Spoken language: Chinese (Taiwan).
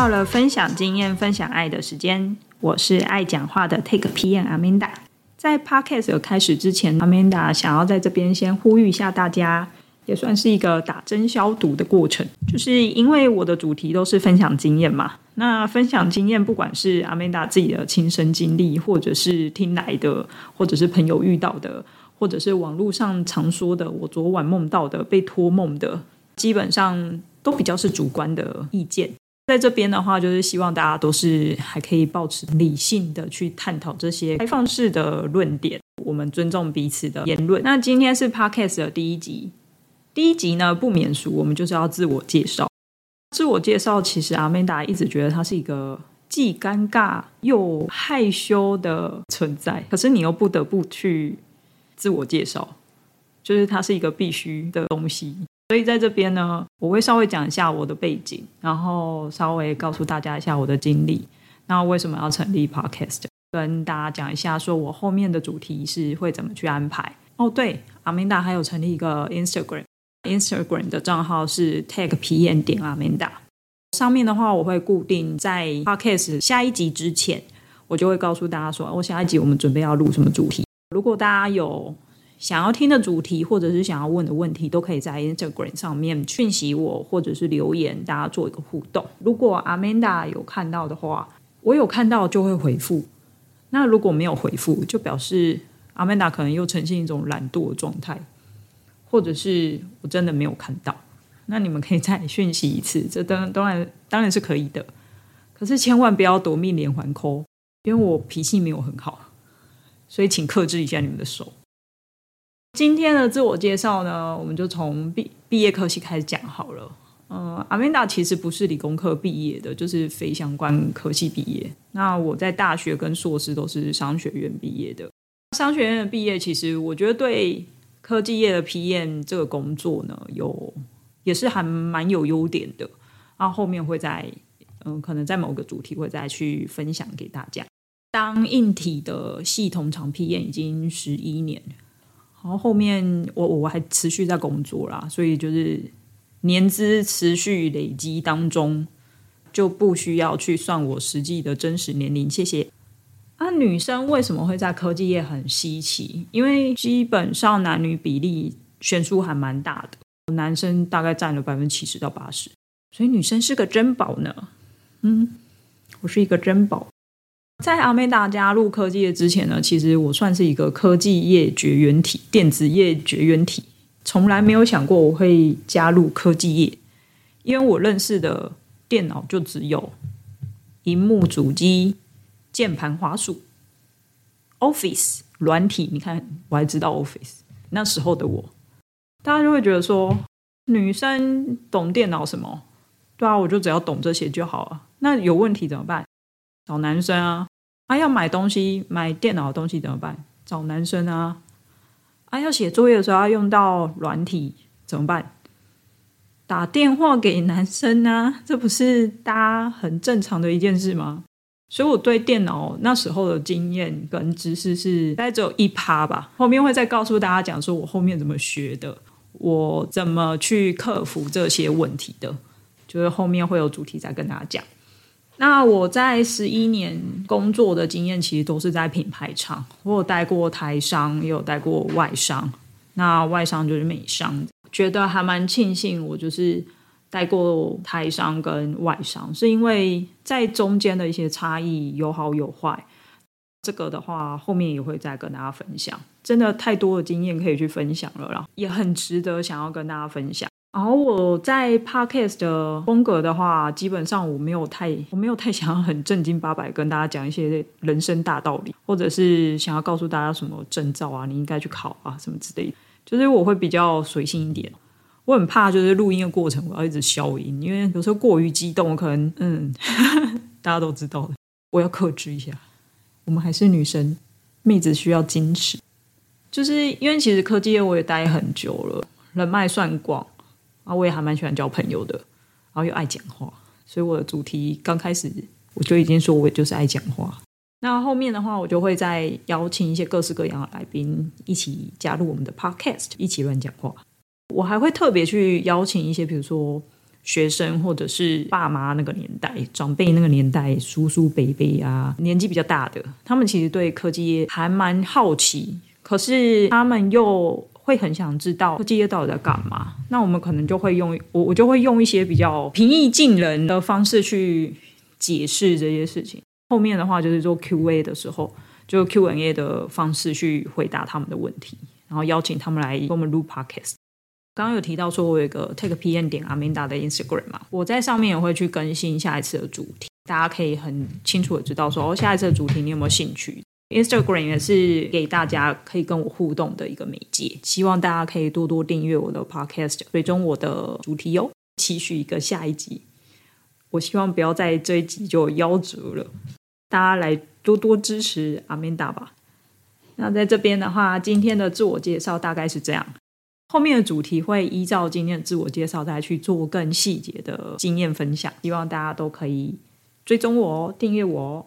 到了分享經驗、分享愛的時間，我是愛講話的 TechPM Amanda。在 Podcast 開始之前，Amanda 想要在這邊先呼籲一下大家，也算是一個打針消毒的過程。就是因為我的主題都是分享經驗嘛，那分享經驗，不管是 Amanda 自己的親身經歷，或者是聽來的，或者是朋友遇到的，或者是網絡上常說的，我昨晚夢到的、被托夢的，基本上都比較是主觀的意見。在這邊的話，就是希望大家都是還可以保持理性的去探討這些開放式的論點。我們尊重彼此的言論。那今天是 Podcast 的第一集，第一集呢，不免俗，我們就是要自我介紹。自我介紹，其實阿曼達一直覺得他是一個既尷尬又害羞的存在，可是你又不得不去自我介紹，就是他是一個必須的東西。所以在這邊呢，我會稍微講一下我的背景，然後稍微告訴大家一下我的經歷，那為什麼要成立 Podcast，跟大家講一下，說我後面的主題是會怎麼去安排。哦，對，Amanda 還有成立一個 Instagram，Instagram 的賬號是 techpm.Amanda。上面的話我會固定在 Podcast 下一集之前，我就會告訴大家說，我、哦、下一集我們準備要錄什麼主題。如果大家有想要聽的主題，或者是想要問的問題，都可以在 Instagram 上面訊息我，或者是留言，大家做一個互動。如果阿曼達有看到的話，我有看到就會回復。那如果沒有回復，就表示阿曼達可能又呈現一種懶惰的狀態，或者是我真的沒有看到。那你們可以再訊息一次，這當當然當然是可以的，可是千萬不要奪命連環 call，因為我脾氣沒有很好，所以請克制一下你們的手。今天的自我介紹呢，我們就從畢畢業科系開始講好了。嗯、呃，阿米達其實不是理工科畢業的，就是非相關科系畢業。那我在大學跟碩士都是商學院畢業的。商學院的畢業，其實我覺得對科技業的批 m 這個工作呢，有也是還蠻有優點的。那後，後面會在嗯、呃，可能在某個主題會再去分享給大家。當硬體的系統長批 m 已經十一年。然後後面我我還持續在工作啦，所以就是年資持續累積當中，就不需要去算我實際的真實年齡。謝謝。啊，女生為什麼會在科技業很稀奇？因為基本上男女比例懸殊還蠻大的，男生大概佔了百分之七十到八十，所以女生是個珍寶呢。嗯，我是一個珍寶。在 Amanda 加入科技業之前呢，其實我算是一個科技業絕緣體，電子業絕緣體，從來沒有想過我會加入科技業，因為我認識的電腦就只有螢幕、主機、鍵盤、滑鼠、Office 軟體。你看，我還知道 Office 那時候的我，大家就會覺得說女生懂電腦什麼？對啊，我就只要懂這些就好了。那有問題怎麼辦？找男生啊！他、啊、要買東西，買電腦的東西怎麼辦？找男生啊！他、啊、要寫作業的時候要用到軟體，怎麼辦？打電話給男生啊，這不是大家很正常的一件事嗎？所以，我對電腦那時候的經驗跟知識是，大概只有一趴吧。後面會再告訴大家講，說我後面怎麼學的，我怎麼去克服這些問題的，就是後面會有主題再跟大家講。那我在十一年工作的經驗，其實都是在品牌廠，我有帶過台商，也有帶過外商。那外商就是美商，覺得還蠻慶幸，我就是帶過台商跟外商，是因為在中間的一些差異有好有壞。這個的話，後面也會再跟大家分享。真的太多的經驗可以去分享了啦，然後也很值得想要跟大家分享。然後我在 podcast 的風格的話，基本上我沒有太我沒有太想要很正經八百跟大家講一些人生大道理，或者是想要告訴大家什麼證照啊，你應該去考啊，什麼之類的。就是我會比較隨性一點。我很怕就是錄音的過程我要一直消音，因為有時候過於激動，可能嗯呵呵，大家都知道的，我要克制一下。我們還是女生，妹子需要矜持，就是因為其實科技業我也待很久了，人脈算廣。我也還蠻喜歡交朋友的，然後又愛講話，所以我的主題剛開始我就已經說我就是愛講話。那後面的話，我就會再邀請一些各式各樣的來賓一起加入我們的 Podcast，一起亂講話。我還會特別去邀請一些，比如說學生或者是爸媽那個年代、長輩那個年代、叔叔伯伯啊，年紀比較大的，他們其實對科技還蠻好奇，可是他們又。會很想知道這些到底在幹嘛，那我們可能就會用我，我就會用一些比較平易近人的方式去解釋這些事情。後面的話就是做 Q&A 的時候，就 Q&A 的方式去回答他們的問題，然後邀請他們來跟我們錄 Podcast。剛剛有提到說我有一個 techpm 點 Amanda 的 Instagram 嘛，我在上面也會去更新下一次的主題，大家可以很清楚的知道說，哦，下一次的主題你有沒有興趣？Instagram 也是給大家可以跟我互動的一個媒介，希望大家可以多多訂閱我的 Podcast，追蹤我的主題哦，期許一個下一集。我希望不要再這一集就夭折了，大家來多多支持 Amanda 吧。那在這邊的話，今天的自我介紹大概是這樣，後面的主題會依照今天的自我介紹，再去做更細節的經驗分享。希望大家都可以追蹤我哦，訂閱我哦。